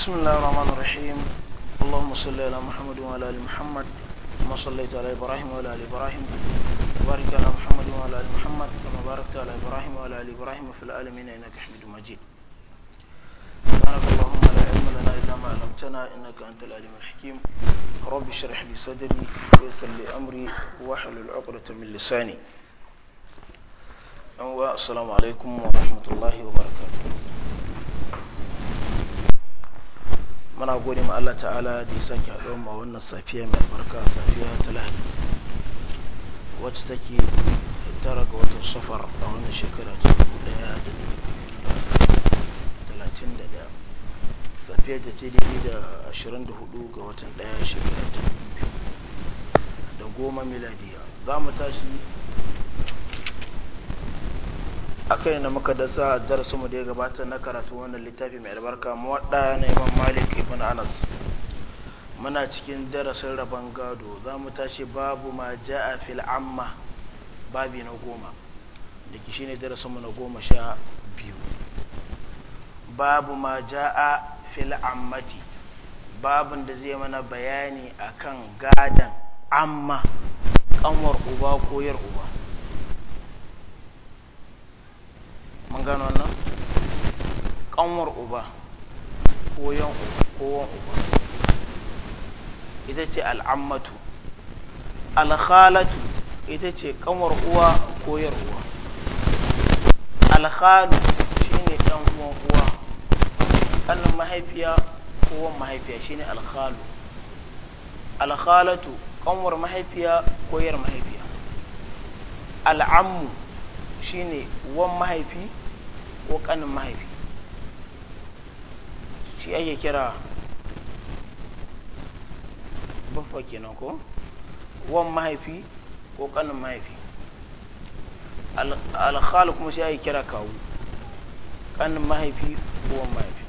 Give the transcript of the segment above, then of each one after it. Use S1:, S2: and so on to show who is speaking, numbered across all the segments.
S1: بسم الله الرحمن الرحيم اللهم صل على محمد وعلى ال محمد كما صليت على ابراهيم وعلى ال ابراهيم وبارك على محمد وعلى ال محمد كما باركت على ابراهيم وعلى ال ابراهيم في العالمين انك حميد مجيد سبحانك اللهم لا علم لنا الا ما علمتنا انك انت العليم الحكيم رب اشرح لي صدري ويسر لي امري واحلل عقدة من لساني السلام عليكم ورحمة الله وبركاته muna gode ma Allah ta'ala da ya sake haɗuwa ma wannan safiya mai barka safiya ta lahadi wacce take tara ga watan safar a wannan shekara ta dubu ɗaya da talatin da ɗaya safiya ta ce dai da ashirin da hudu ga watan ɗaya shekara ta dubu da goma miladiya za mu tashi akai na muka dasa darasu mu da ya gabata na karatu wannan littafi mai albarka mu wadda na imam malik ibn anas muna cikin darasin rabon gado za mu tashi babu ma ja'a fil amma babi na goma da ki shine darasin mu na goma sha biyu babu ma ja'a fil ammati babin da zai mana bayani akan gadon amma kanwar uba ko yar uba mun gano wannan kanwar uba ko yan uba ita ce al'ammatu alkhalatu ita ce kanwar uwa ko yar uwa alkhalu shine dan uwan uwa kanin mahaifiya ko wan mahaifiya shine alkhalu alkhalatu kanwar mahaifiya ko yar mahaifiya al'ammu shine wan mahaifi ko kanin mahaifi shi ake kira baffa kenan ko wan mahaifi ko kanin mahaifi alkhal kuma shi ake kira kawu kanin mahaifi ko wan mahaifi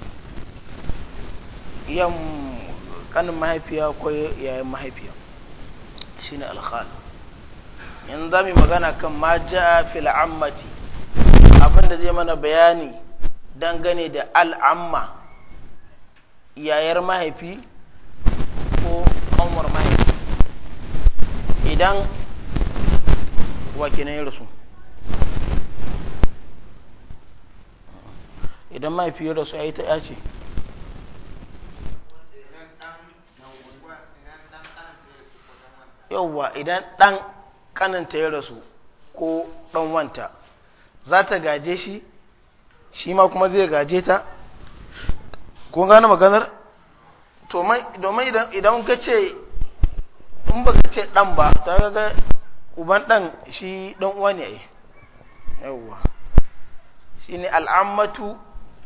S1: yan kanin mahaifiya ko yayin mahaifiya shine alkhal in za mu magana kan ma ja fil ammati abin da zai mana bayani dangane da al'amma yayar mahaifi ko kanwar mahaifi idan wakilin rasu idan mahaifi ya rasu ya yi ta yace yauwa idan ɗan kananta ya rasu ko ɗan wanta za ta gaje shi shi ma kuma zai gaje ta kun gane maganar domin idan ka ce in ba ka ce ɗan ba ta gaga uban ɗan shi ɗan uwa ne yauwa shi ne al'ammatu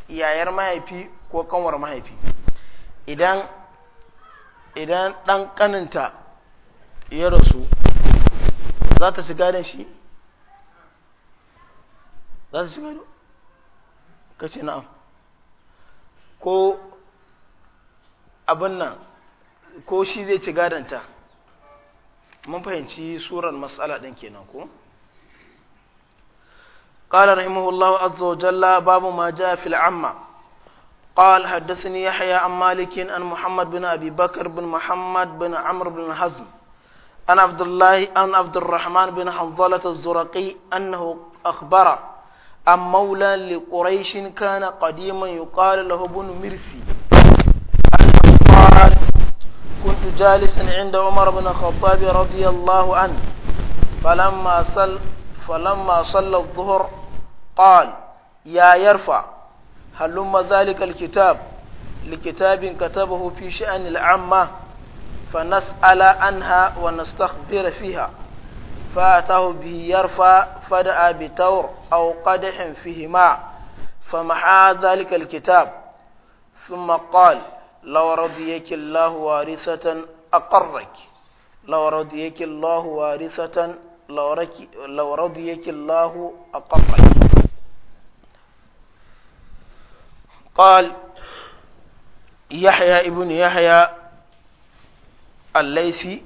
S1: yayar mahaifi ko kanwar mahaifi idan idan ɗan ƙaninta ya rasu za ta shiga da shi za ta shiga da ka ce na'am ko abin nan ko shi zai ci gadanta mun fahimci surar matsala ɗin kenan ko قال رحمه الله عز وجل باب ما جاء في العمة قال حدثني يحيى عن مالك عن محمد بن أبي بكر بن محمد بن عمرو بن حزم أن عبد الله أن عبد الرحمن بن حنظلة الزرقي أنه أخبر عن مولى لقريش كان قديما يقال له بن مرسي قال كنت جالسا عند عمر بن الخطاب رضي الله عنه فلما صل فلما صلى الظهر قال يا يرفع هلم ذلك الكتاب لكتاب كتبه في شأن العامة فنسأل عنها ونستخبر فيها فأتاه به يرفع فدعا بتور أو قدح فيه ماء فمحى ذلك الكتاب ثم قال لو رضيك الله وارثة أقرك لو رضيك الله وارثة لو رضيك الله أقرك قال يحيى ابن يحيى allaisi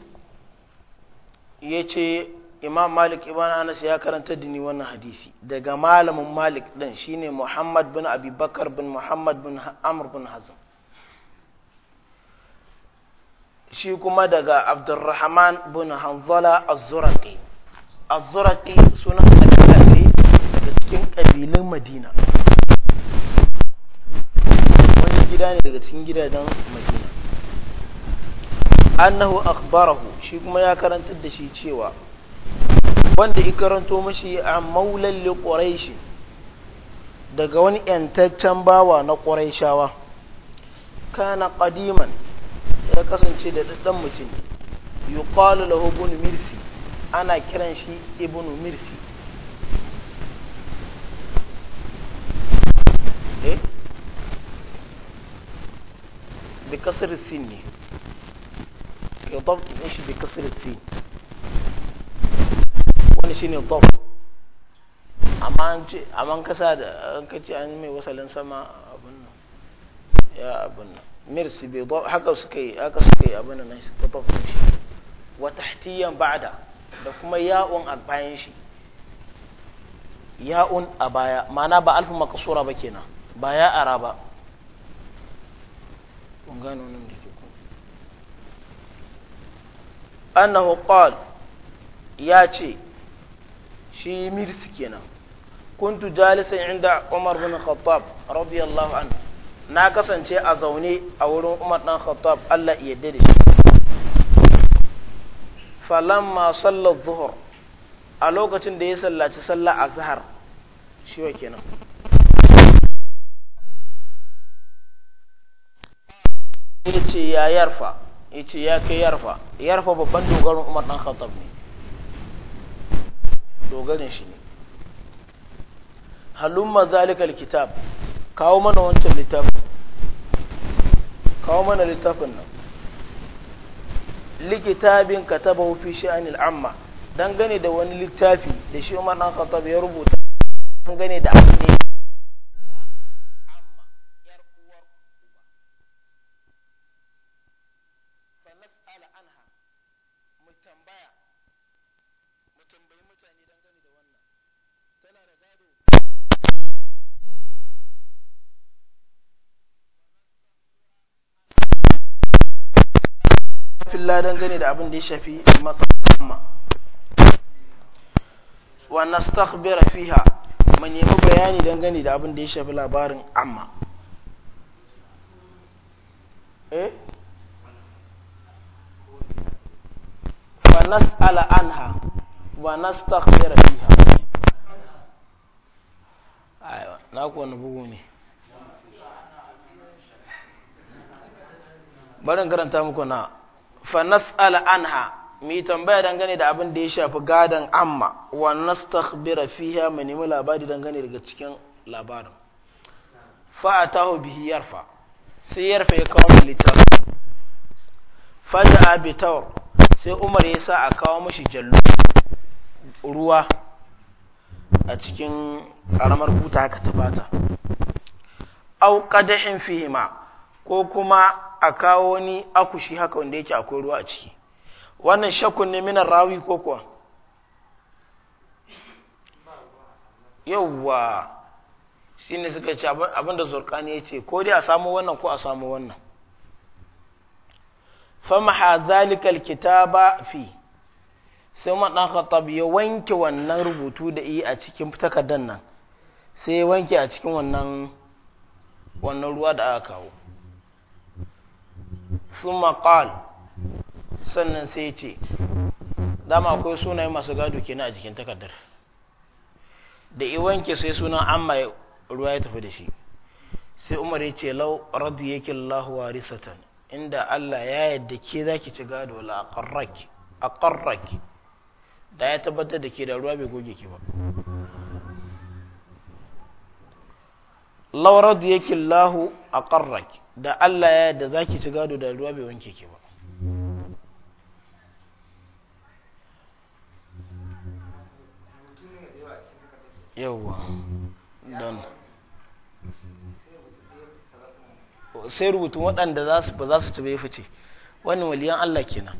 S1: ya ce imam malik ibn anas ya karanta da ni wannan hadisi daga malamin malik din shine muhammad bin abubakar bin muhammad bin amr bin hazm shi kuma daga abdurrahman bin hanzala az-zuraqi suna zuraqi ce daga cikin ƙabilun madina wani gida ne daga cikin gidajen madina annahu akhbarahu shi kuma ya karantar da shi cewa wanda ya karanto mashi a maulan li quraishi daga wani yantaccen bawa na quraishawa kana qadiman ya kasance da dadan mutum yuqalu lahu ibn mirsi ana kiran shi ibn mirsi eh bi kasr sinni الضبط إيش بكسر السين amma an kasa da an kace an mai wasalin sama abin nan ya abin nan haka suka yi yi abin nan suka bob din wa tahtiyan ba'da da kuma ya'un a bayan shi ya'un a baya ma'ana ba alfu makasura ba kenan ba ya ara annahu qal ya ce shi mirsi kenan kuntu jalisan inda Umar bin Khattab radiyallahu anhu na kasance a zaune a wurin Umar dan Khattab Allah ya yarda da shi falamma sallar zuhur a lokacin da ya sallaci sallah a zahar shi wa kenan ya ce ya yarfa yace ya kai yarfa yarfa babban dogarin umar dan khattab ne dogarin shi ne halumma zalikal kitab kawo mana wancan littafin kawo mana littafin nan likitabin katabahu fi sha'anil amma dangane da wani littafi da shi umar dan khattab ya rubuta dangane da abin da jalla dangane da abin da ya shafi matsamma wa nastakhbira fiha mun yi bayani dangane da abin da ya shafi labarin amma eh wa nas'ala anha wa nastakhbira fiha aiwa na ku wani bugu ne barin karanta muku na fa nas'al anha mi tambaya dangane da abin da ya shafi gadan amma wa nastakhbira fiha mu nemi labari dangane daga cikin labarin fa atahu bihi yarfa sai yarfa ya kawo mu littafin faja'a bi tawr sai Umar ya sa a kawo mashi jallu ruwa a cikin karamar buta haka ta bata. au qadahin fihima ko kuma a kawo wani akushi haka wanda yake akwai ruwa a ciki wannan shakkun ne minan rawi ko kuwa yauwa shi ne suka ce abinda zurkani ya ce ko dai a samu wannan ko a samu wannan famaha zalikal ba fi sai maɗan khattab ya wanke wannan rubutu da iya a cikin takardar nan sai ya wanke a cikin wannan ruwa da aka kawo sun maƙal sannan sai ce dama akwai sunayen masu gado kenan a jikin takardar da iwanki sai sunan amma ruwa ya tafi da shi sai umar ya ce lau radu yake lahu warisatan inda Allah ya yadda ke za ki ci gado la a ƙarraki da ya tabbatar da ke da ruwa bai goge ki ba lau radu yake lahu a ƙarraki da Allah ya da zaki ci gado da ruwa bai wanke ki ba yawwa don sai rubutun waɗanda za su ba za su tube fice wani waliyan Allah kenan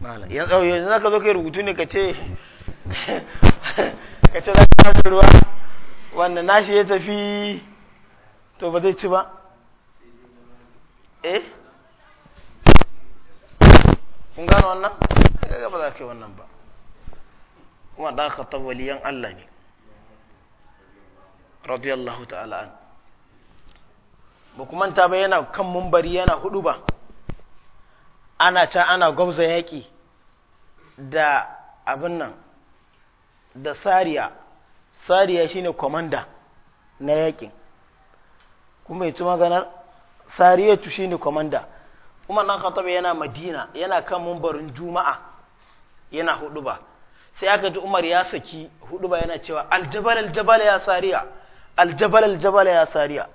S1: mala ya tsawo yanzu zaka zo kai rubutu ne ka ce ka ce za ka ruwa wannan nashi ya tafi to ba zai ci ba eh kun gano wannan kaga ba za ka yi wannan ba kuma dan ka tawaliyan Allah ne radiyallahu ta'ala an ba kuma ta ba yana kan mumbari yana hudu ba ana ta ana gwabza yaƙi da abin nan da sariya sariya shine komanda na yaƙin kuma yi maganar sariyatu shine komanda Umar dan Khattab yana Madina yana kan mumbarin Juma'a yana huduba sai aka ji Umar ya saki huduba yana cewa aljabal aljabal ya sariya aljabal aljabal ya sariya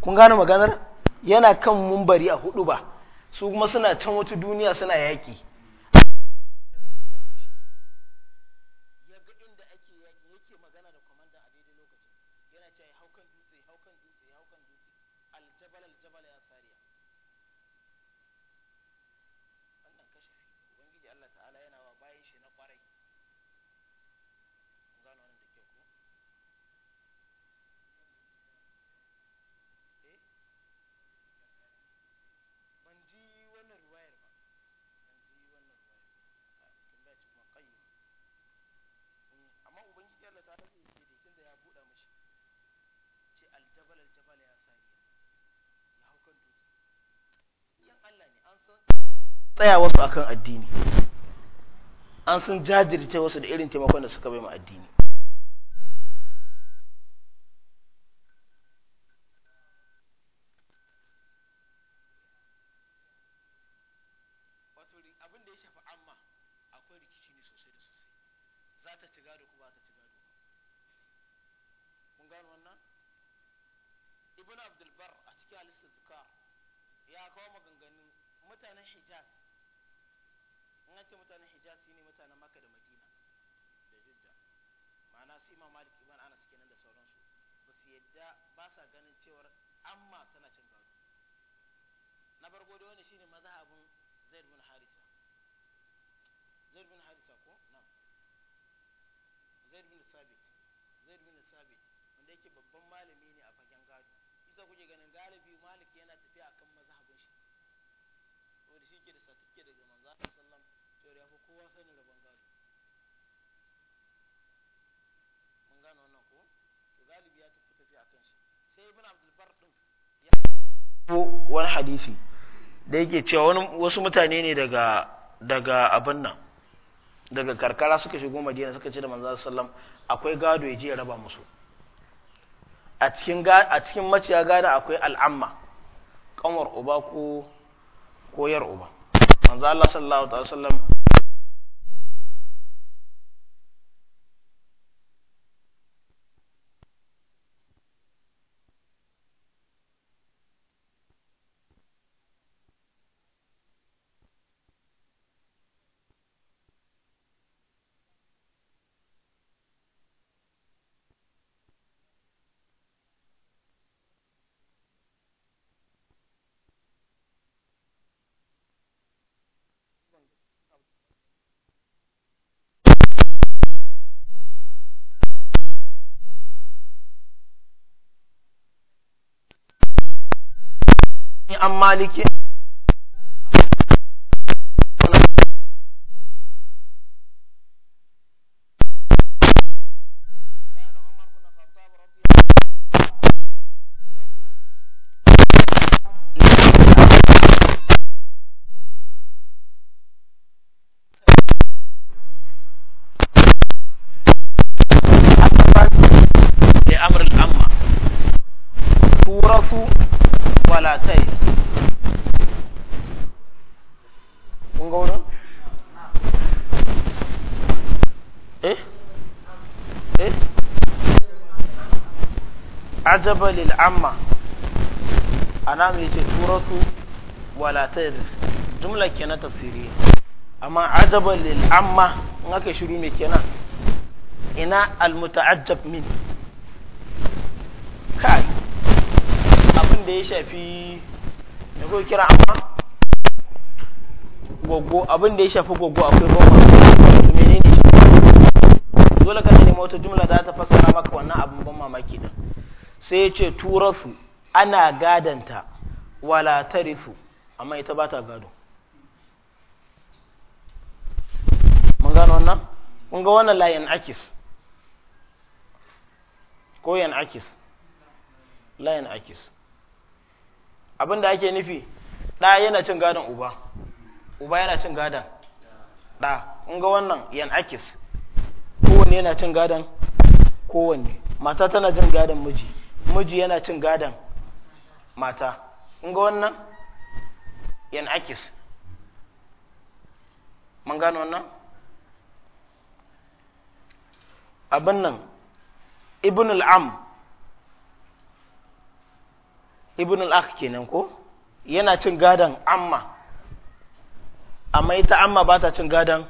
S1: kun gane maganar yana kan mumbari a huduba, su kuma suna can wata duniya suna yaƙi tsaya wasu akan addini an san jajirce wasu da irin taimakon da suka bai mu addini wannan shine mazhabin zaid bin haritha zaid bin haritha ko na'am zaid bin sabit zaid bin sabit wanda yake babban malami ne a fagen gado isa kuke ganin galibi malik yana tafiya akan mazhabin shi wanda shi ke da satike daga manzo sallam to ya fi kowa sanin rabon gado mun gano wannan ko to galibi ya tafi tafiya akan shi sai ibn abdul bar din ya wani hadisi da yake cewa wani wasu mutane ne daga daga abin nan daga karkara suka shigo madina suka ce da manzo sallam akwai gado ya je ya raba musu a cikin a cikin maciya gado akwai al'amma kanwar uba ko koyar uba manzo Allah sallallahu alaihi wasallam i an maliki jabal al'amma ana mai ce turatu wala tadri jumla kenan tafsiri amma ajabal amma in aka shiru me kenan ina al-muta'ajjab min kai abin da ya shafi me ko kira amma gogo abin da ya shafi gogo akwai goma menene shi dole ka nemi wata jumla da ta fassara maka wannan abin ban mamaki din sai ya ce turasu ana gadanta wala tarisu amma ita ba ta gado mun gano wannan mun ga wannan layan akis ko yan akis layan akis abinda ake nufi ɗa yana cin gadon uba uba yana cin gadon ɗa mun ga wannan yan akis kowanne yana cin gadon kowanne mata tana jin gadon miji miji yana cin gadon mata ga wannan yan akis mun gano wannan abin nan ibn al'am ibn al'ak kenan ko yana cin gadon amma amma ita amma ba ta cin gadon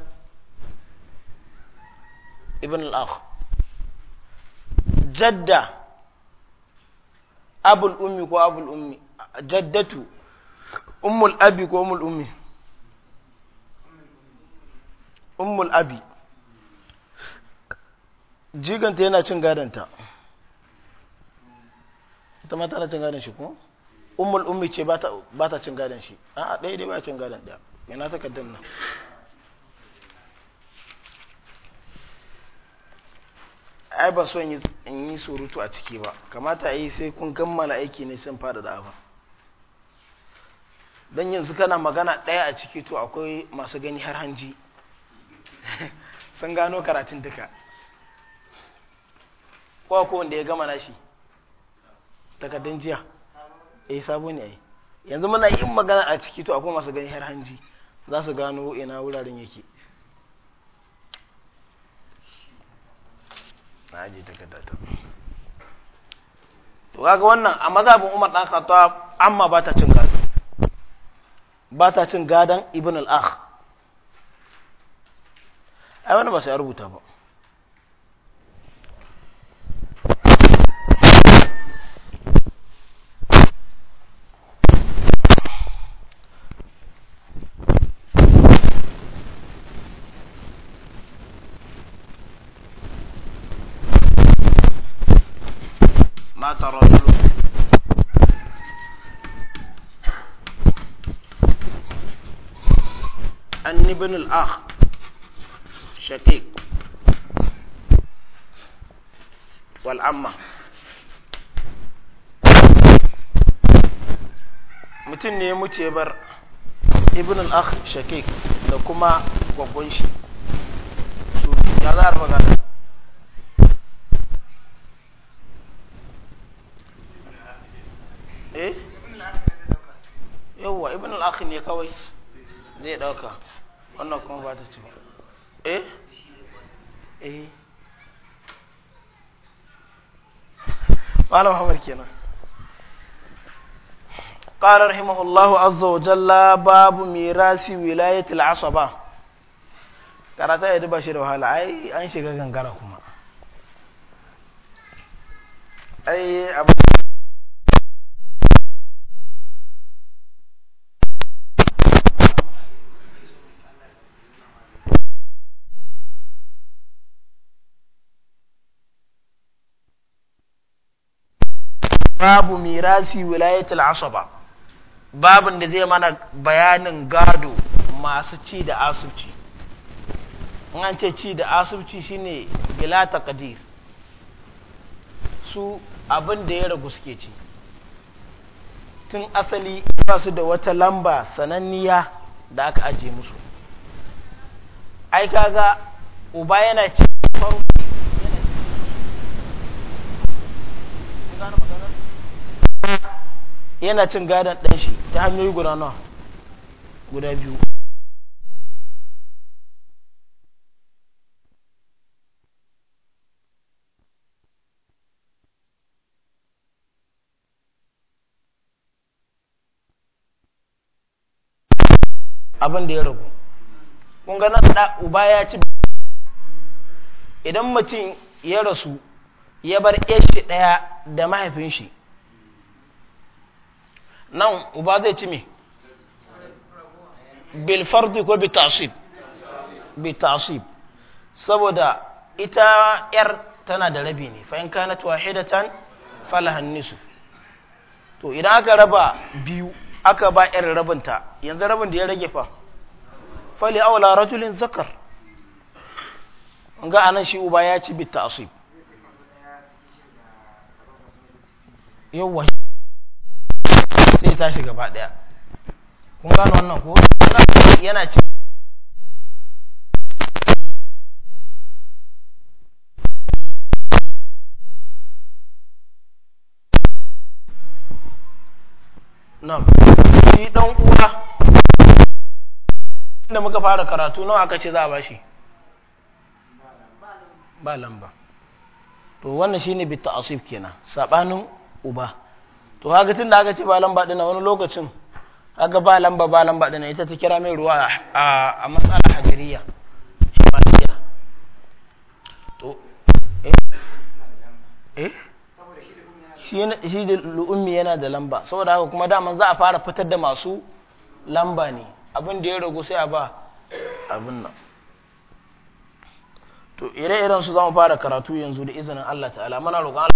S1: ibn al'ak jadda abul ummi ko abul ummi jaddatu ummul abi ko ummul ummi ummul abi jiganta yana cin gadanta ta ma tana cin gadon shi ko ummul ummi ce ba ta cin gadon shi a ɗaya dai ba cin gadon ɗaya yana takardar nan ai ba so in yi surutu a ciki ba kamata a yi sai kun kammala aiki ne sun fada da abin don yanzu kana magana ɗaya a ciki to akwai masu gani har hanji sun gano karatun duka kowa ko wanda ya gama nashi takardun jiya yi eh, sabo ne yi yanzu muna yin magana a ciki to akwai masu gani har hanji za su gano ina wuraren yake na ta kada ta to kaga wannan a mazhabin Umar dan Khattab amma ba ta cin gado ba ta cin gadan Ibn al-Akh ai wannan ba sai rubuta ba رجل عن ابن الأخ شقيق والعمة mutum ne ya bar ibn al-akh shakik da kuma gwaggon shi ya za a akhi ne kawai zai dauka wannan kuma ba ta ci eh eh malam hamar kenan قال رحمه الله عز وجل باب ميراث ولاية العصبة karata ya duba shi da wahala ai an shiga gangara kuma ai abu babu mirasi wilayatul asaba babin da zai mana bayanin gado masu ci da asubci in an ce ci da asubci shine bila taqdir su abin da ya ragu suke ci tun asali ba su da wata lamba sananniya da aka aje musu ai kaga uba yana ci farko yana ci yana cin gadon ɗan shi ta hanyoyi guda nawa guda biyu abin da ya ragu kun uba ya ci idan mutum ya rasu ya bar shi ɗaya da mahaifin shi nan uba zai ci me bil ko bitasib tasib saboda ita yar tana da rabi ne fa in kanat wahidatan falahan nisu to idan aka raba biyu aka ba yar rabinta yanzu rabin da ya rage fa fali aula rajulin zakar ga anan shi uba ya ci bi tashi gaba daya kun gano wannan ko yana ci nan shi ɗan uwa inda muka fara karatu nawa aka ce za a ba shi? ba lamba to wannan shi ne bi ta'asib kenan saɓanin uba to haka tun da aka ce ba lamba dina wani lokacin aka ba lamba ba lamba dina ita ta kira mai ruwa a matsala hajjiriya to eh, eh? shi da lu'ummi yana da lamba saboda haka kuma daman za a fara fitar da masu lamba ne abin da ya ragu sai a ba abin nan to ire-iren su za mu fara karatu yanzu da izinin Allah ta'ala muna roƙon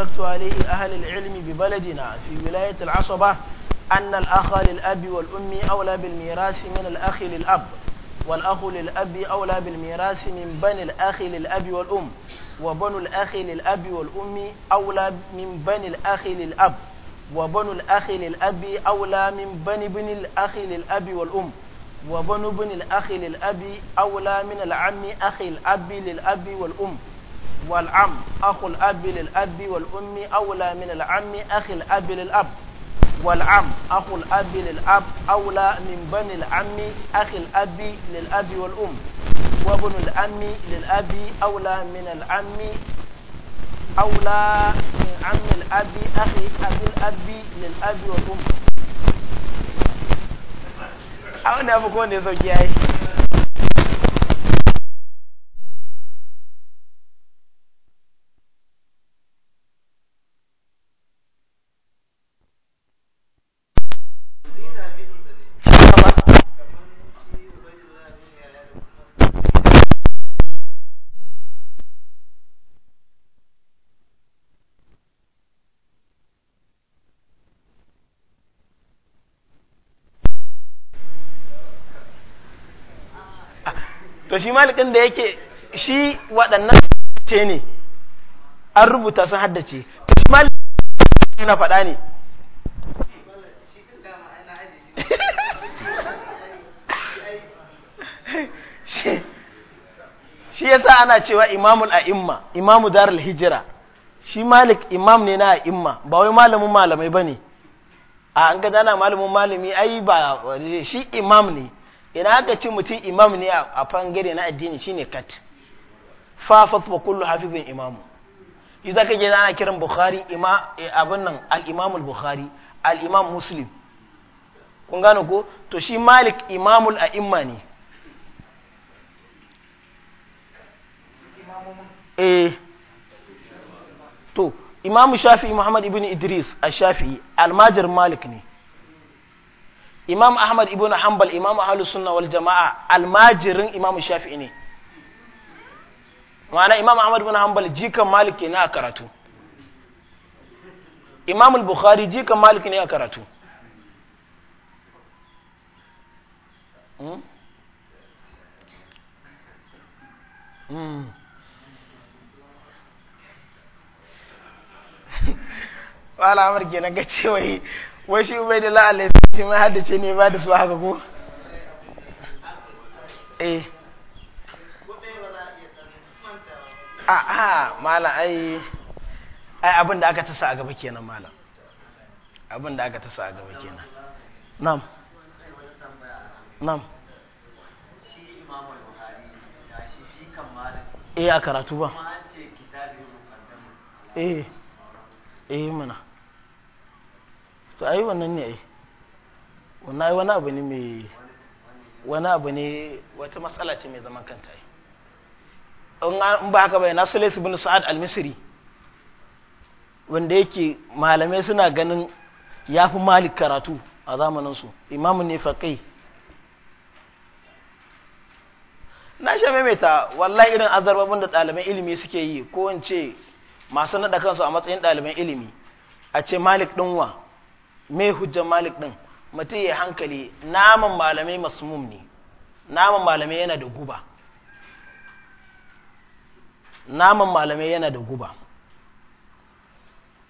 S1: اشتركت عليه أهل العلم ببلدنا في ولاية العصبة أن الأخ للأب والأم أولى بالميراث من الأخ للأب والأخ للأب أولى بالميراث من بني الأخ للأب والأم وبن الأخ للأب والأم أولى من بني الأخ للأب وبن الأخ للأب أولى من بني بن الأخ للأب والأم وبن بن الأخ للأب أولى من العم أخي الأب للأب والأم والعم أخو الأب للأب والأم أولى من العم أخي الأب للأب والعم أخو الأب للأب أولى من بني العم أخي الأب للأب والأم وابن الأم للأب أولى من العم أولى من عم الأب أخي أبي الأب للأب والأم أنا أبو كوني زوجي to shi malikin da yake shi waɗannan ce ne an rubuta sun haddace to shi malikin yana faɗa ne shi yasa ana cewa imamul a'imma imamu darul hijira shi malik imam ne na a'imma ba wai malamin malamai bane a an gada na malamin malami ai ba shi imam ne idan aka ce mutum imam ne a fangare na addini shine kat fafa fa kullu hafizin imamu idan ka je ana kiran bukhari ima e, abin nan al imamul bukhari al-imam muslim kun gano ko to shi malik imamul a'imma ne eh to imamu shafi'i muhammad ibn idris al-shafi'i almajir malik ne imam ahmad ibn hanbal imam ahlus sunnah wal jama'a almajirin imam shafi'i ne ma'ana imam ahmad ibn hanbal jikan malik ne a karatu imam al-bukhari jikan malik ne a karatu hmm? Hmm. wala amur na ga wai. wai shi ubaidullah alaihi shi ma haddace ne ba da su haka ko eh
S2: a'a
S1: mala ai ai abin da aka tasa a gaba kenan mala abin da aka tasa a gaba kenan nam nam eh a karatu ba eh eh mana to ai wannan ne ai wannan ai wani abu ne mai wani abu ne wata matsala ce mai zaman kanta ai in ba haka bai na su bin sa'ad al-misri wanda yake malamai suna ganin ya fi malik karatu a zamaninsu imamu ne faƙai na sha maimaita wallahi irin azarbabin da ɗaliban ilimi suke yi ko in ce masu naɗa kansu a matsayin ɗaliban ilimi a ce malik ɗinwa mai hujjar malik ɗin, mutum ya hankali naman malamai masmum ne naman malamai yana da guba naman malamai yana da guba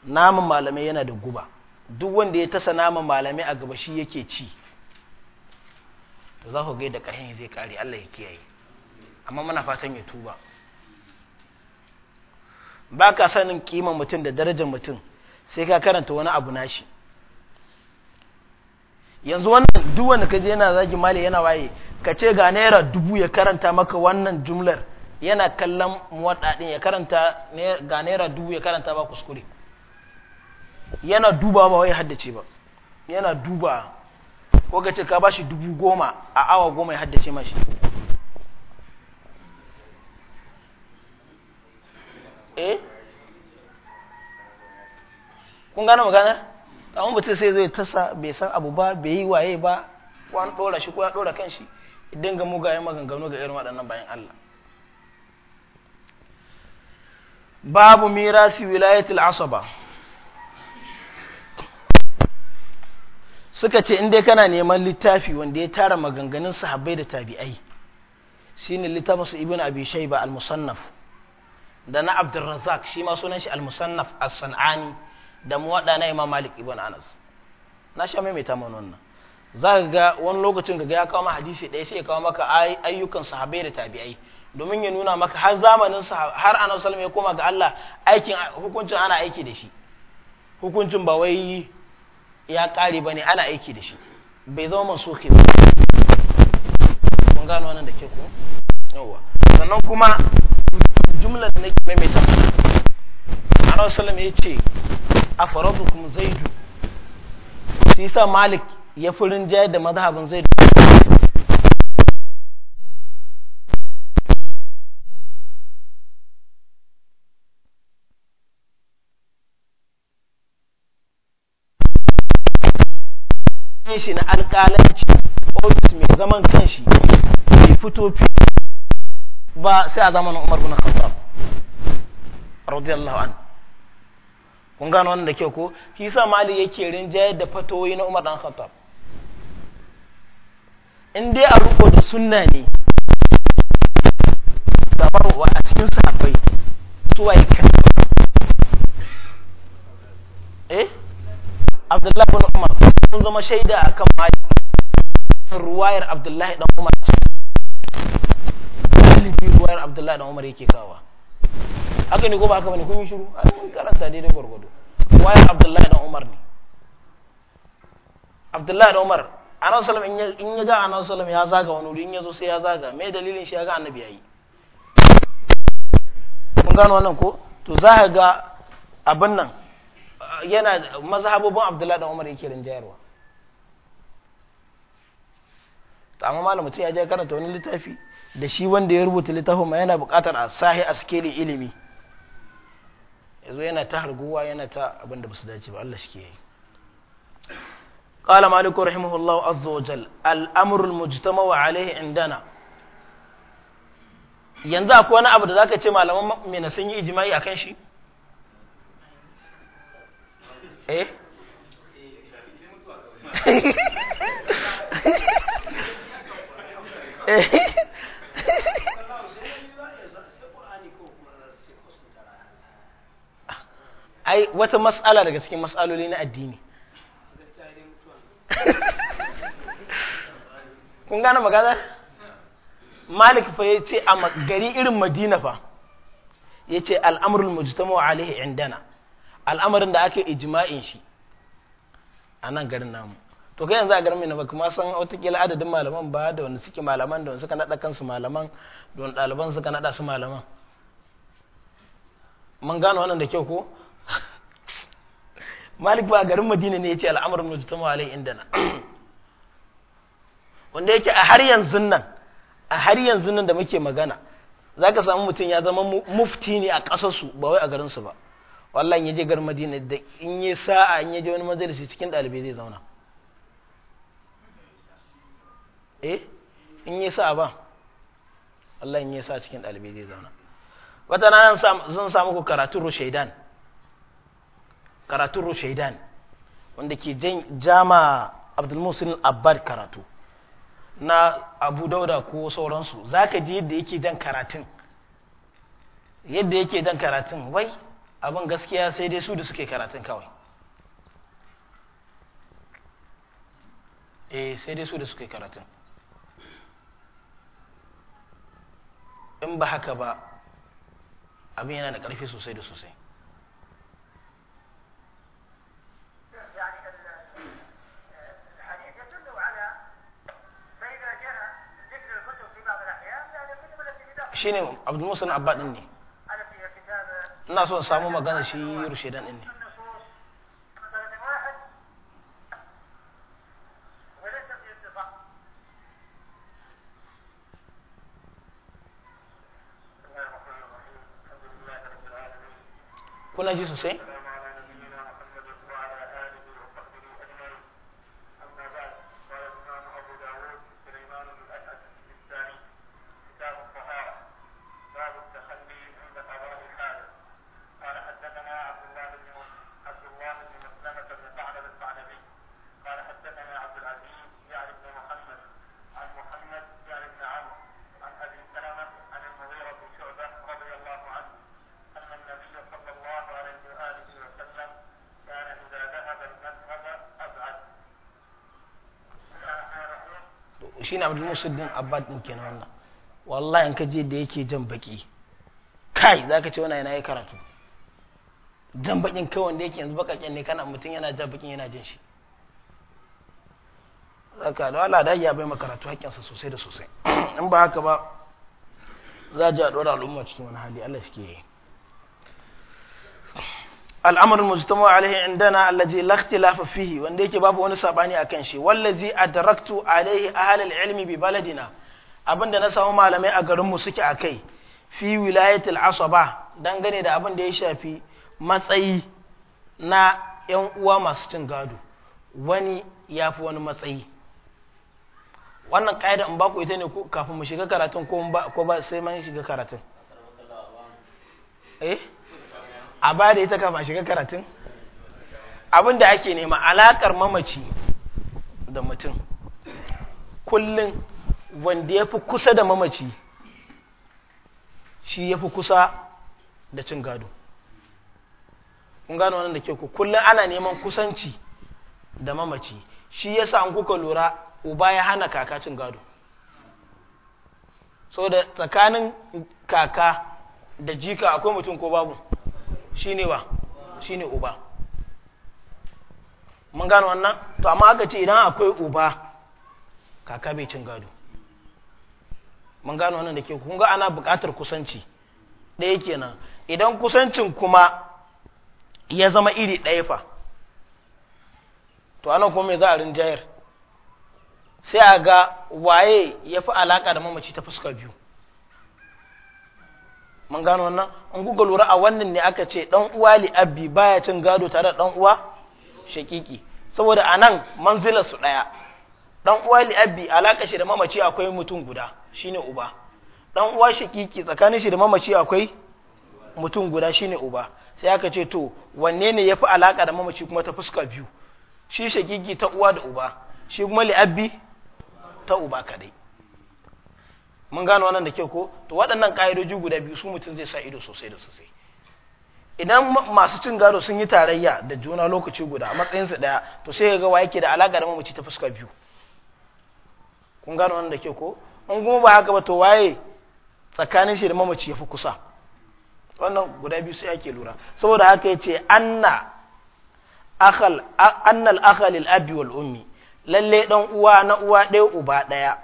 S1: naman malamai yana da guba duk wanda ya tasa naman malamai a gaba shi yake ci to za ku gaida da ƙarhin zai kare Allah ya kiyaye amma muna fatan ya tuba ba ka sanin kiman mutum da darajar mutum sai ka karanta wani abu nashi yanzu wannan duk wanda kaje yana zagi mali yana waye ka ce ga naira dubu ya karanta maka wannan jumlar yana kallon muwadda ya karanta ga naira dubu ya karanta ba kuskure yana duba ba wai haddace ba yana duba ko ka ce ka bashi dubu goma a awa goma ya haddace mashi eh kun gane maganar amma mutum sai zai tasa bai san abu ba bai yi waye ba ko an ɗora shi ko ya ɗora kan shi idan ga mugayen maganganu ga irin waɗannan bayan Allah babu mirasi wilayatul asaba suka ce in dai kana neman littafi wanda ya tara maganganun sahabbai da tabi'ai shine littafin su ibnu abi shayba al-musannaf da na abdurrazzaq shi ma sunan shi al-musannaf as-san'ani da muwaɗa na imam malik ibn anas na sha maimaita mana wannan za ka ga wani lokacin ga ya kawo ma hadisi ɗaya sai ya kawo maka ayyukan sahabai da tabi'ai domin ya nuna maka har zamanin har anas sallallahu ya koma ga Allah aikin hukuncin ana aiki da shi hukuncin ba wai ya kare bane ana aiki da shi bai zama mansuhi ba mun gano wannan da ke ko yawa sannan kuma jumlar da nake maimaita annabi sallallahu ya ce a afaradukum zaidu shi yasa malik ya furin jayar da mazhabin zaidu shi na alkalanci ofis mai zaman kanshi mai fito ba sai a zamanin umar bin khattab radiyallahu anhu kun gano wannan da kyau ko shi yasa mali yake rinjaye da fatoyi na Umar dan Khattab in dai a ruko da sunna ne gabar wa a cikin sahabbai suwaye kan eh Abdullahi bin Umar sun zama shaida akan mali ruwayar Abdullahi dan Umar galibi ruwayar Abdullahi dan Umar yake kawa haka ne ko ba haka bane kun shiru an karanta dai da gurgudu waye abdullahi da umar ne abdullahi da umar anan salam in ya ga anan salam ya zaga wani wuri in ya zo sai ya zaga me dalilin shi ya ga annabi yayi kun gano wannan ko to za ka ga abin nan yana mazhabobin abdullahi da umar yake rinjayarwa amma malamu ya je karanta wani littafi da shi wanda ya rubuta littafin ma yana buƙatar a sahi a sikeli ilimi yanzu yana ta harguwa yana ta abin da ba su dace ba Allah shi ke yi قال مالك رحمه الله عز وجل الأمر المجتمع عليه عندنا yanzu akwai wani abu da za ka ce malaman na sun yi ijimai a kan shi? eh? eh? ai wata mas'ala daga cikin matsaloli na addini kun gane magana malik fa yace a gari irin madina fa yace ce al'amurul mujtama alaihi indana al'amarin da ake ijma'in shi a nan garin namu to kai yanzu a garin mai na baka ma san wataƙila adadin malaman ba da wani suke malaman da wani suka naɗa kansu malaman da wani ɗaliban suka naɗa su malaman mun gano wannan da kyau ko malik ba a garin madina ne ya ce al'amarin mujtama alai indana wanda yake a har yanzu nan a har yanzu nan da muke magana za ka samu mutum ya zama mufti ne a ƙasarsu ba wai a garinsu ba wallan ya je garin madina da in yi sa'a in ya je wani majalisi cikin ɗalibai zai zauna eh in yi sa ba Allah in yi sa cikin ɗalibai zai zauna wata na zan samu ku karatun rushaidan karatun rushaidan wanda ke jama abdulmusul abbad karatu na abu dauda ko sauransu za ka ji yadda yake jan karatun yadda yake jan karatun wai abin gaskiya sai dai su da suke karatun kawai eh sai dai su da suke karatun in ba haka ba abin yana da ƙarfi sosai da sosai shi ne abdulmusul abba ɗin ne ina so samu magana shi yi rushe dan ɗin ne pernah juz assim Shi na abu abbad din kenan wannan wallahi in ka je da yake jan baki kai za ka ce wani yana yi karatu jan bakin kai wanda yake yanzu bakakken ne kana mutum yana jan bakin yana jin shi ka da wala da ya bai makaratu hakkinsa sosai da sosai in ba haka ba za a ji a ɗora al'umma cikin wani hali Allah shi ke yi al'amr mujtama alaihi indana allazi la ikhtilafa fihi wanda yake babu wani sabani akan shi wallazi adraktu alaihi ahlul ilmi bi baladina abinda na samu malamai a garin mu suke akai fi wilayatil asaba dangane da abin da ya shafi matsayi na ‘yan uwa masu cin gado wani ya fi wani matsayi wannan ƙa'ida in ku ita ne kafin mu shiga karatun ko ba sai man shiga karatun eh a ba da ita kafa shiga karatun abin da ake nema alakar mamaci da mutum kullum wanda ya fi kusa da mamaci shi ya fi kusa da cin gado kun gano wannan da ke ku kullum ana neman kusanci da mamaci shi yasa an kuka lura uba ya hana kaka cin gado so da tsakanin kaka da jika akwai mutum ko babu Shi ne wa shi ne uba
S2: mun gano wannan
S1: to amma aka ce idan akwai uba kaka bai cin gado mun gano wannan da ke kun ga ana buƙatar kusanci ɗaya kenan idan kusancin kuma ya zama iri ɗaya fa to ana kuma za a rinjayar sai a ga waye ya fi alaƙa da mamaci ta fuskar biyu mun gano wannan in kuka lura a wannan ne aka ce dan uwa li abbi baya cin gado tare da dan uwa shakiki saboda anan manzila su daya dan uwa li abbi alaka shi da mamaci akwai mutum guda shine uba dan uwa shakiki tsakanin shi da mamaci akwai mutum guda shine uba sai aka ce to wanne ne yafi alaka da mamaci kuma ta fuska biyu shi shakiki ta uwa da uba shi kuma li abbi ta uba kadai mun gano wannan da kyau ko to waɗannan ƙa'idoji guda biyu su mutum zai sa ido sosai da sosai idan masu cin gado sun yi tarayya da juna lokaci guda a matsayinsu ɗaya to sai ga wa yake da alaƙa da mamaci ta fuska biyu kun gano wannan da kyau ko in kuma ba haka ba to waye tsakanin shi da mamaci ya fi kusa wannan guda biyu sai ake lura saboda haka ya ce anna akhal annal akhal al abi wal ummi lalle dan uwa na uwa ɗaya uba ɗaya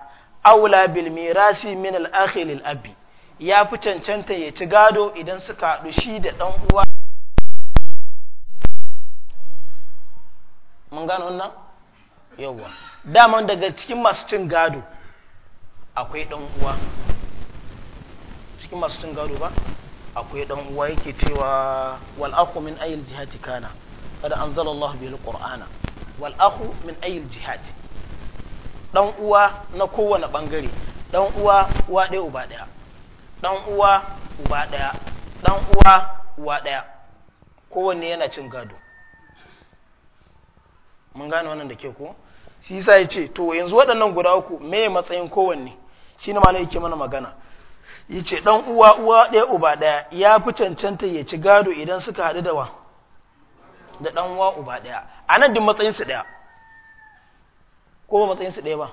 S1: aula bil mirasi min al akhi lil abi ya fi cancanta ya ci gado idan suka haɗu shi da ɗan uwa mun gano wannan yawwa daman daga cikin masu cin gado akwai ɗan uwa cikin masu cin gado ba akwai ɗan uwa yake cewa wal akhu min ayil jihati kana kada anzalallahu bil qur'ana wal akhu min ayil jihati dan uwa na kowane bangare dan uwa uwa ɗaya uba ɗaya dan uwa uba ɗaya dan uwa uwa ɗaya kowanne yana cin gado mun gane wannan da ke ko shi yasa ya ce to yanzu waɗannan guda uku me matsayin kowanne shi ne mana yake mana magana ya ce ɗan uwa uwa ɗaya uba ɗaya ya fi cancanta ya ci gado idan suka haɗu da wa da ɗan uwa uba ɗaya a nan duk matsayinsu ɗaya ko ba matsayinsu ɗaya ba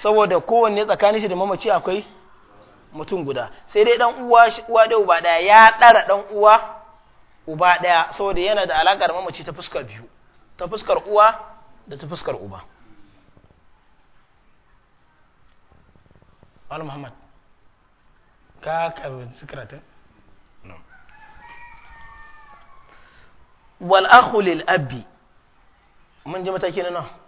S1: saboda kowanne tsakanin shi da mamaci akwai mutum guda sai dai dan uwa uwa da uba daya ya ɗara dan uwa uba daya saboda yana da alaƙa da mamaci ta fuskar biyu ta fuskar uwa da ta fuskar uba al muhammad ka karbi karatun wal akhu lil abi mun ji mataki na nan.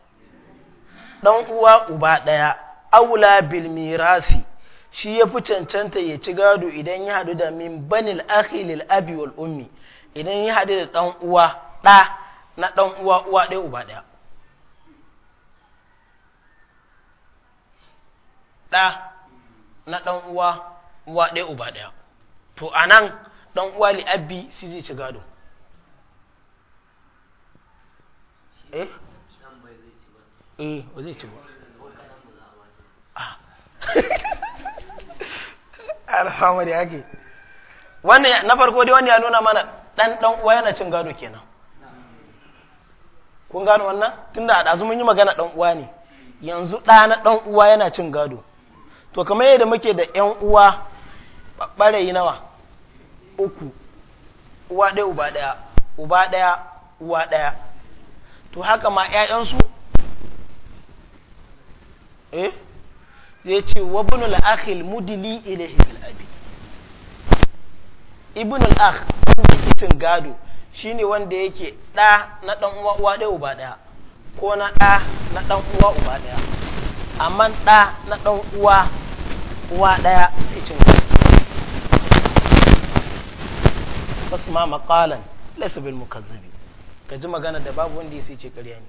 S1: ɗan uwa uba ɗaya aula bil mirasi shi ya fi cancanta ya ci gado idan ya haɗu da min banil akhi lil abi wal ummi idan ya haɗu da ɗan uwa ɗa na ɗan uwa uwa ɗaya uba ɗaya ɗa na dan uwa uwa ɗaya uba ɗaya to a nan ɗan uwa li abi shi zai ci gado eh eh ba zai ci ba ah. alhamar ya wannan na farko dai wani ya nuna mana dan dan uwa yana cin gado kenan kun gano wannan tunda a ɗazu mun yi magana dan uwa ne yanzu ɗa na dan uwa yana cin gado to kamar yadda muke da yan uwa barayi nawa uku uwa ɗaya uba ɗaya uba ɗaya uwa ɗaya to haka ma ƴaƴansu. eh ya ce wa ibn al-akhil mudili ilayhi bil abi ibn al-akh cin gado shine wanda yake da na dan uwa uwa ɗaya uba ɗaya ko na da na dan uwa uba ɗaya amma da na dan uwa uwa ɗaya cin wasu ma maqalan laysa bil mukazzibi kaji magana da babu wanda ya ce ƙarya ne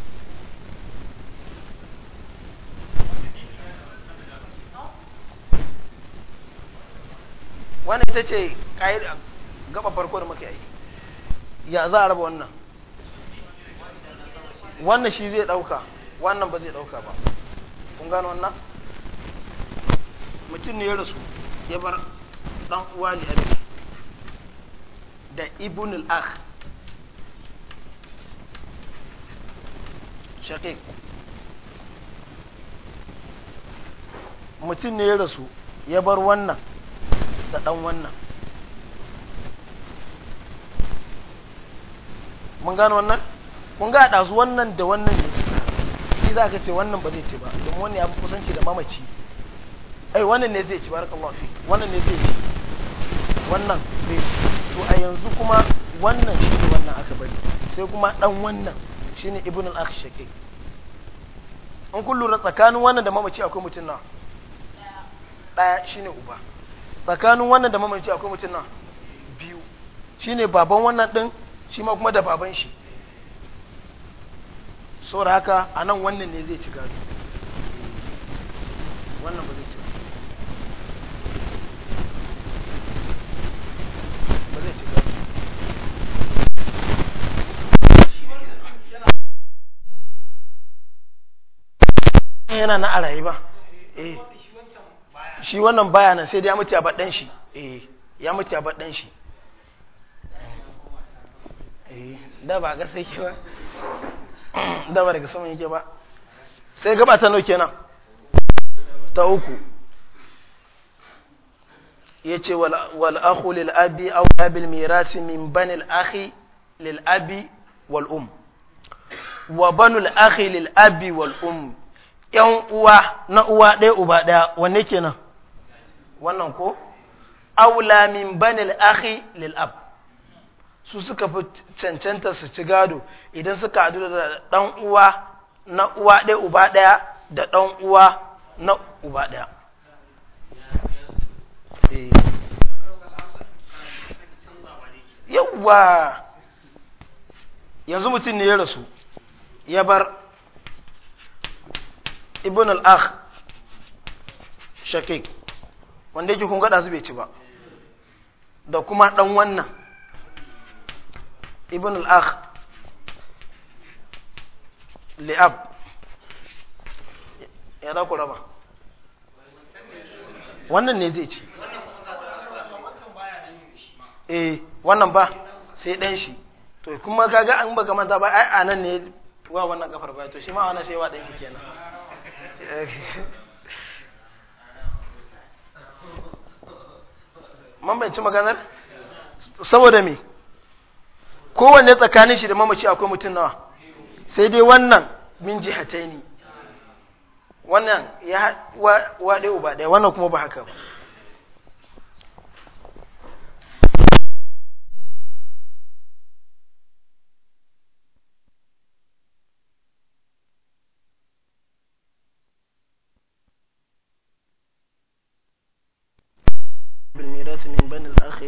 S1: wannan ita ce ƙa'ida gaba farko da muka yi ya za a raba wannan wannan shi zai ɗauka wannan ba zai ɗauka ba kun gano wannan mutum ne ya rasu ya bar ɗan uwa ne da ibn al-akh shaqiq mutum ne ya rasu ya bar wannan da ɗan wannan mun gano wannan kun ga ɗazu wannan da wannan ne shi za ka ce wannan ba zai ce ba domin wani ya fi kusanci da mamaci ai wannan ne zai ci barakallahu fi wannan ne zai ci wannan bai ci to a yanzu kuma wannan shi ne wannan aka bari sai kuma dan wannan shi ne ibn al-akhshaki in kun lura tsakanin wannan da mamaci akwai mutum na ɗaya shi ne uba tsakanin wannan da mamaci akwai mutum na biyu shine baban wannan din shi ma kuma da baban shi saboda haka a nan wannan ne zai ci gado wannan ba zai ci ba zai ci gado yana na a ba eh shi wannan baya nan sai dai ya mutu a baɗan shi eh ya mutu a baɗan shi eh da ba ga sai ke ba da ba daga saman yake ba sai gaba ta nauke nan. ta uku ya ce wal akhu lil abi aw abil mirasi min al akhi lil abi wal um wa al akhi lil abi wal um yan uwa na uwa ɗaya uba ɗaya wanne kenan wannan ko aula min banil akhi lil ab su suka fi cancanta su ci gado idan suka haɗu da ɗan uwa na uwa ɗaya uba ɗaya da ɗan uwa na uba ɗaya eh. yawwa yanzu mutum ne ya rasu ya bar ibn al-akh shakik wanda yake kun gada su bai ci ba da kuma dan wannan ibn al-akh li'ab ya da ku raba wannan ne zai ci eh wannan ba sai dan shi to kuma kaga an baka ta ba ai anan ne wa wannan kafar ba to shi ma wannan sai wa dan shi kenan eh. Mambanci maganar saboda me kowanne tsakanin shi da mamaci akwai mutum nawa sai dai wannan min jihataini wannan ya wa uba ɗaya wannan kuma ba haka ba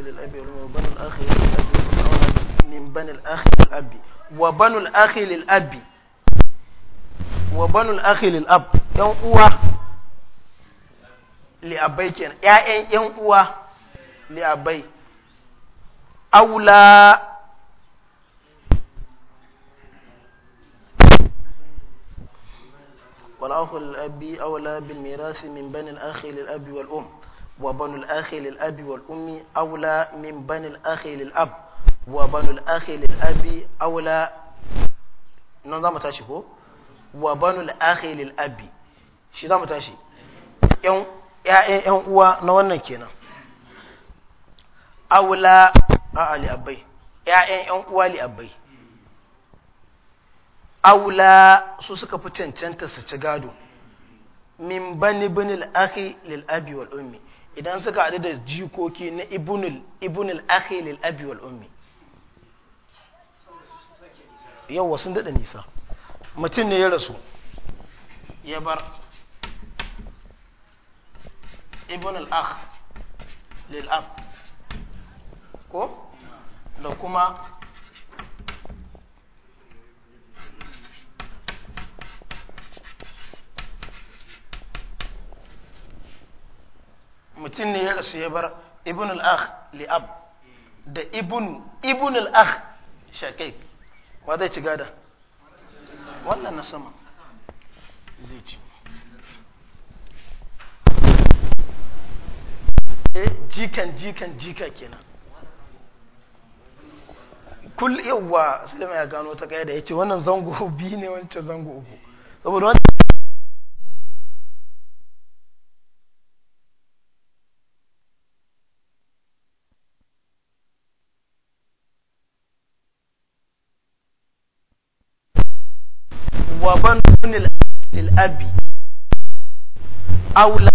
S1: والأخ للأب وبنو الأخ للأب من بني الأخ للأب وبنو الأخ للأب وبنو الأخ للأب يوم أوا لأبي كان يا يوم أوا لأبي أولى والأخ للأب أولى بالميراث من بني الأخ للأب والأم wa banu al-akhi lil-abi wal ummi min banu al-akhi lil-ab wa banu al-akhi lil-abi awla wa banu al-akhi lil-abi shi za mu tashi yan uwa na wannan kenan awla a ali abai ya yan yan su suka fitan tantansu ci gado min bani bani al-akhi lil-abi wal idan suka haɗu da jikoki na ibnul ibnul abi wal ummi yawa sun daɗa nisa mutum ne ya rasu ya bar Ibnul al ab ko da kuma mutum ne ya rasu ya bar ibn al-akh li'ab da ibn ibn al-akh shaqiq wa zai ci gada wannan na sama zai ci eh jikan jikan jika kenan kul yawa sulaiman ya gano ta kai da yace wannan zango biyu ne wancan zango uku saboda wannan وبنون الأب أولى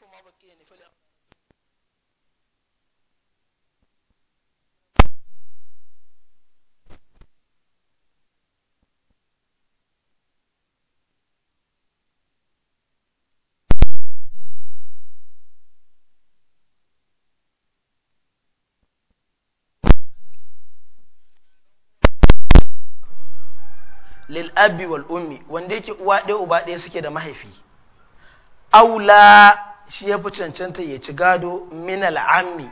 S2: فما بقيني
S1: lil'abi wal ummi wanda yake uwa ɗaya uba ɗaya suke da mahaifi aula shi ya fi cancanta ya ci gado min al'ammi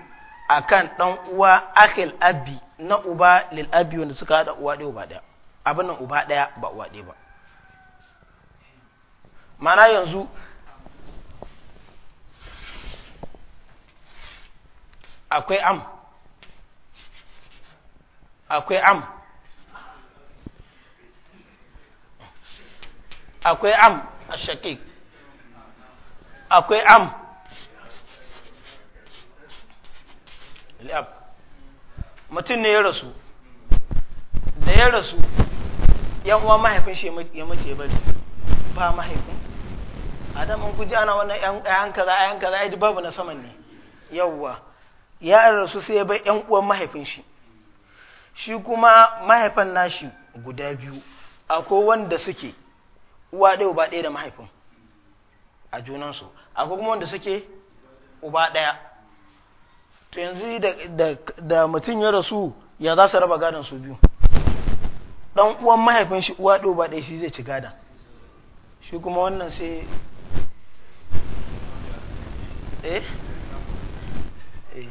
S1: a kan ɗan uwa akil abi na uba lil abi wanda suka haɗa uwa ɗaya uba ɗaya abin nan uba ɗaya ba uwa ɗaya ba mana yanzu akwai am akwai am akwai am a shakik akwai am mutum ne ya rasu da ya rasu yan uwa mahaifin shi ya mace bari ba mahaifin adam an kuji ana wannan yan kaza yan kaza ai babu na saman ne yawwa ya rasu sai ya bai yan uwan mahaifin shi shi kuma mahaifan nashi guda biyu akwai wanda suke uwa ɗaya ba ɗaya da mahaifin a junansu akwai kuma wanda suke uba ɗaya to yanzu da mutum ya rasu ya za su raba gadon su biyu dan uwan mahaifin shi uwa ɗo ba ɗaya shi zai ci gadon shi kuma wannan sai eh, eh.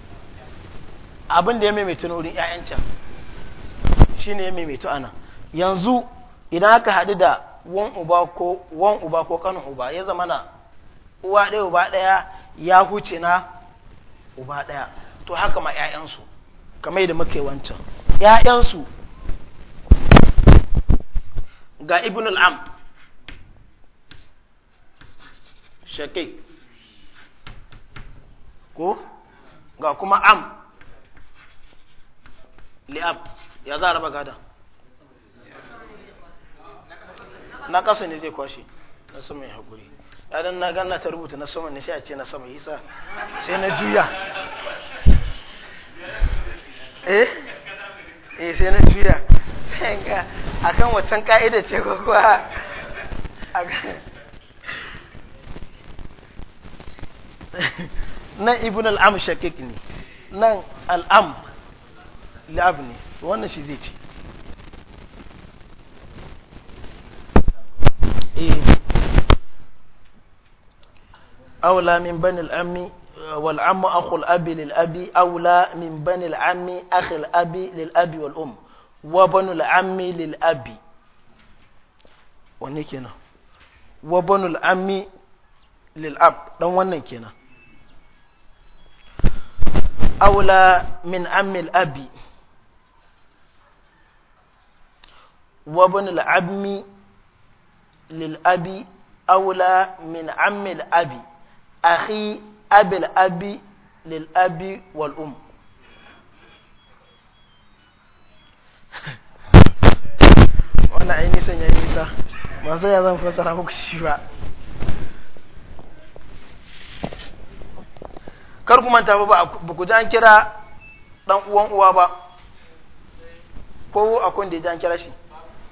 S1: abin da ya maimaita na wurin 'ya'yan shi ne ya maimaita ana yanzu idan aka haɗu da wan uba ko wan uba ko kanin uba ya zama na uwa ɗaya uba ɗaya ya huce na uba ɗaya to haka ma 'ya'yansu kamar yadda muke wancan 'ya'yansu ga ibn al'am shakai ko ga kuma am li'ab ya za a raba gada na ƙasa ne zai kwashe na sama ya haƙuri ɗadan na gana ta rubuta na sama ne sai a ce na sama yisa
S2: sai na juya
S1: eh eh sai na juya a kan waccan ka'ida ce ko kuwa nan ibn al'am shakik ne nan al'am labni wannan shi zai ci أولى من بني الأم والعم أخو الأب للأب أولى من بني العم أخ الأب للأب والأم وبن العم للأب wanne kenan wa wannan aula min abi وابن العم للأبي أولى من عم الأبي أخي أبي الأبي للأبي والأم wannan ai nisan ya yi nisa manta ba ba ku ji kira dan uwan uwa ba ko akwai da ya kira shi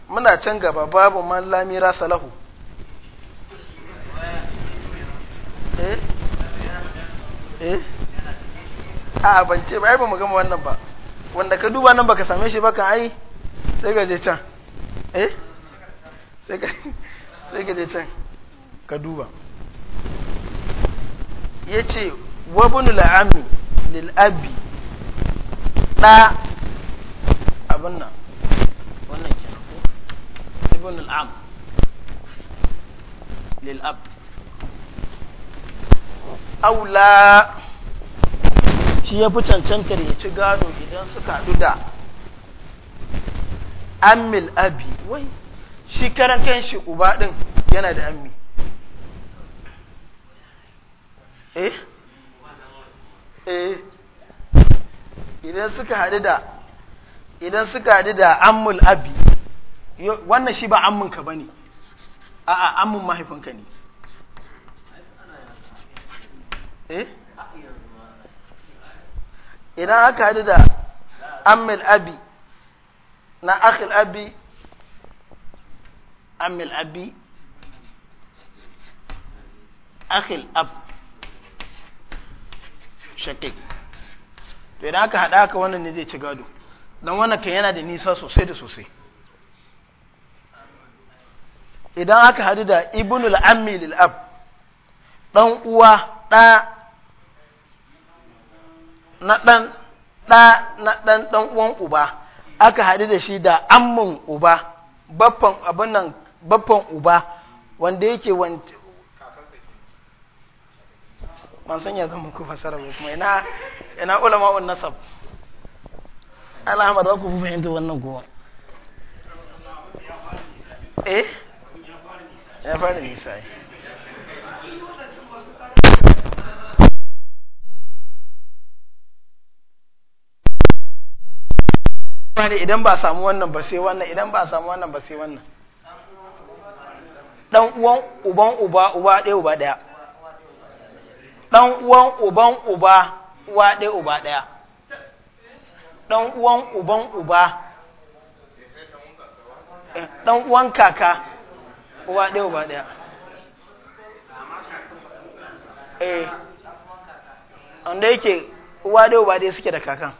S1: muna can gaba babu man lamira salahu eh eh a ban ce ba ai ba mu gama wannan ba wanda ka duba nan baka same shi ba kan ai sai ga je can eh sai ga je can ka duba ya ce wabinu la'ami abi ɗa abin nan ابن العم للأب أولى shi ya fi cancantar ya ci gado idan suka haɗu da ammil abi wai shi karan kan shi uba ɗin yana da ammi eh eh idan suka haɗu da idan suka haɗu da ammul abi wannan shi ba amminka ba ne a a ammin mahaifinka ne eh idan aka haɗu da ammil abi na akhil abi ammil abi akhil ab shakik to idan aka haɗa aka wannan ne zai ci gado don wannan kan yana da nisa sosai da sosai idan aka hadu da ibnul ammi lil ab dan uwa da na dan da na dan dan uwan uba aka hadu da shi da amman uba baffan abin nan baffan uba wanda yake wanda man san ya muku fasara ba kuma ina ina ulama un nasab alhamdulillah ku fahimta wannan gowa eh
S2: ya fara nisa
S1: ne idan ba samu wannan ba sai wannan idan ba samu wannan ba sai wannan dan uwan uban uba uba ɗaya uba ɗaya dan uwan uban uba uwa ɗaya uba ɗaya dan uwan uban uba eh, dan uwan kaka uwa ɗaya uba ɗaya eh wanda yake uwa ɗaya uba ɗaya suke da kakan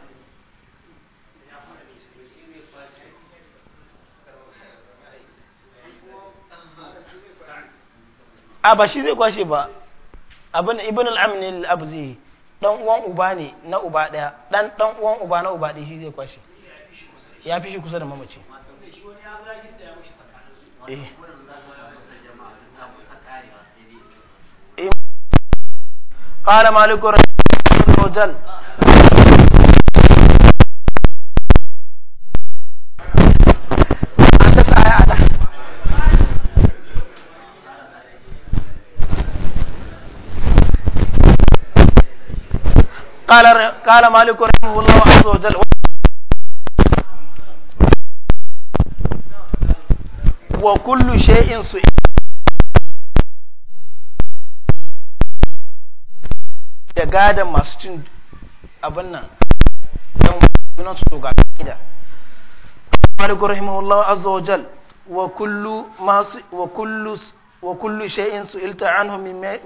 S1: a ba shi zai kwashe ba abin ibn al al’abzi al dan uwan uba ne na uba daya dan dan uwan uba na uba daya shi zai kwashe ya fi shi kusa da mamaci eh قال مالك رحمه وجل قال قال مالك رحمه الله عز وجل وكل شيء سئل da gadon masu cin abin nan don sunan su ga gida malik rahimahullah azza wa wa kullu in su ilta anhu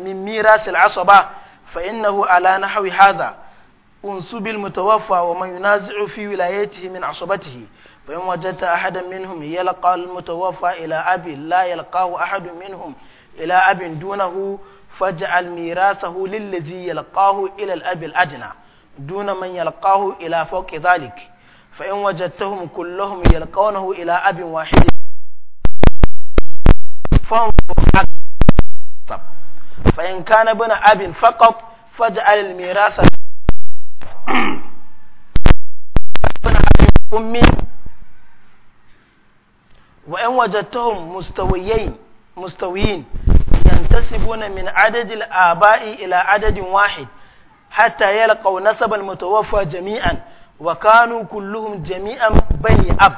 S1: min mirasil asaba fa innahu ala nahwi hadha unsu bil mutawaffa wa man yunazi'u fi wilayatihi min asabatihi fa in wajadta ahada minhum yalqa al mutawaffa ila abin la yalqahu ahadun minhum ila abin dunahu فاجعل ميراثه للذي يلقاه إلى الأب الأدنى دون من يلقاه إلى فوق ذلك فإن وجدتهم كلهم يلقونه إلى أب واحد فإن كان ابن أب فقط فاجعل الميراث أمي وإن وجدتهم مستويين مستويين yantasibuna min adadil aba'i ila adadin wahid hatta yalqaw nasabal mutawaffa jami'an wa kanu jami'an bani ab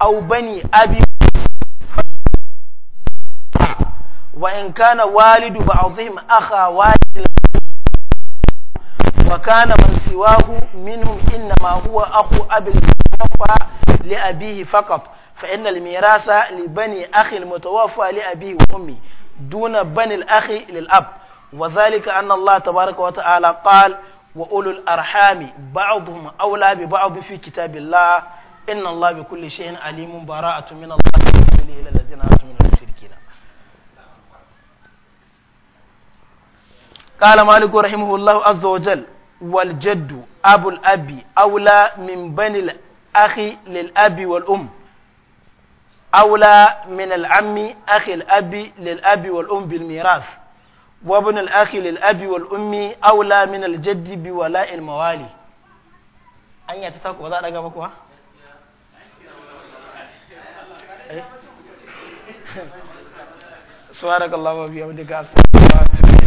S1: aw bani abi wa in kana walidu ba'dihim akha walid wa kana man siwahu minhum innama huwa akhu abil mutawaffa li abihi faqat fa inna al mirasa li bani akhi mutawaffa li abihi ummi duna banil akhi lil ab wa zalika anna Allah tabaraka wa ta'ala wa ulul arhami ba'dhum awla bi ba'd fi kitabillah inna Allah bi kulli shay'in alimun bara'atun min Allah wa rasulihi ila alladhina atum min al-mushrikeen قال مالك رحمه الله عز وجل والجد أبو الأب أولى من بني الأخ للأب والأم أولى من العم أخي الأب للأب والأم بالميراث وابن الأخ للأب والأم أولى من الجد بولاء الموالي أن يتتاكوا وضع لك مكوا سبحانك اللهم وبحمدك أستغفرك